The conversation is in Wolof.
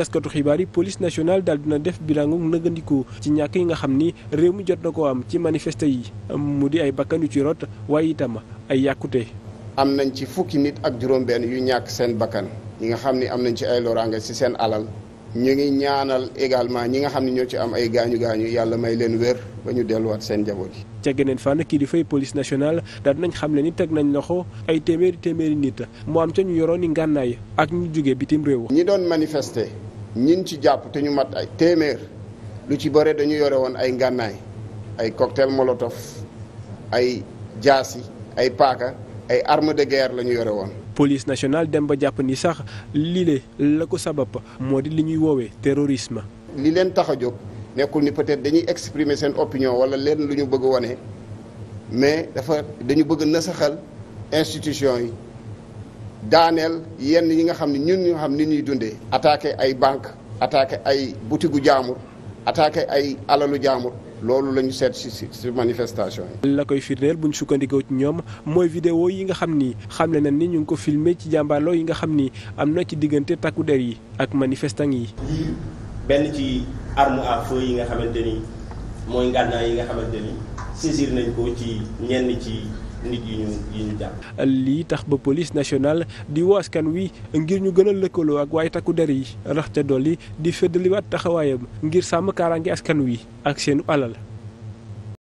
taskatu xibaar yi police nationale daal dina def bilangu nëgandikoo ci ñàkk yi nga xam ni réew mi jot na ko am ci manifeste yi mu di ay bakkan yu ci rot waaye itam ay yàkkute am nañ ci fukki nit ak juróom-benn yu ñàkk seen bakkan ñi nga xam ni am nañ ci ay loraange ci seen alal ñu ngi ñaanal également ñi xam ne ñoo ci am ay gaañu gaañu yàlla may leen wér ba ñu delluwaat seen njaboot yi. ca geneen fànn kii di fay police nationale daal xam ne ni teg nañ loxo ay téeméeri téeméeri nit mu am ca ñu yoroon ni ngànnaay ak ñu jóge bitim réew. ñi doon manifester ñin ci jàpp te ñu mat ay téeméer lu ci bëre dañu yore woon ay ngànnaay ay cocktail molotov ay jaasi ay paaka ay armes de guerre la ñu yore woon. police nationale dem ba jàpp ni sax lile la ko sabab moo di li ñuy woowee terrorisme. li leen tax a jóg nekkul ni peut-être dañuy exprimer seen opinion wala leen lu ñu bëgg wone mais dafa dañu bëgg nasaxal institution yi. daaneel yenn yi nga xam ne ñun ñu xam ni ñuy dundee attaqué ay banque attaqué ay butigu jaamur attaqué ay alalu jaamur loolu la ñu seet si manifestation yi. la koy firndeel bu ñu sukkandikoo ci ñoom mooy vidéo yi nga xam ni xamle na ni ñu ngi ko filmé ci jàmbaarloo yi nga xam ni am na ci diggante takku der yi ak manifestant yi. lii benn ci arme à feu yi nga xamante ni mooy ngànnaay yi nga xamante ni saisir nañ ko ci ñenn ci. lii tax ba police nationale di woo askan wi ngir ñu gën a lëkkaloo ak waaye takku der yi raxte dolli di fëddaliwaat taxawaayam ngir sàmm kaaraange askan wi ak seenu alal.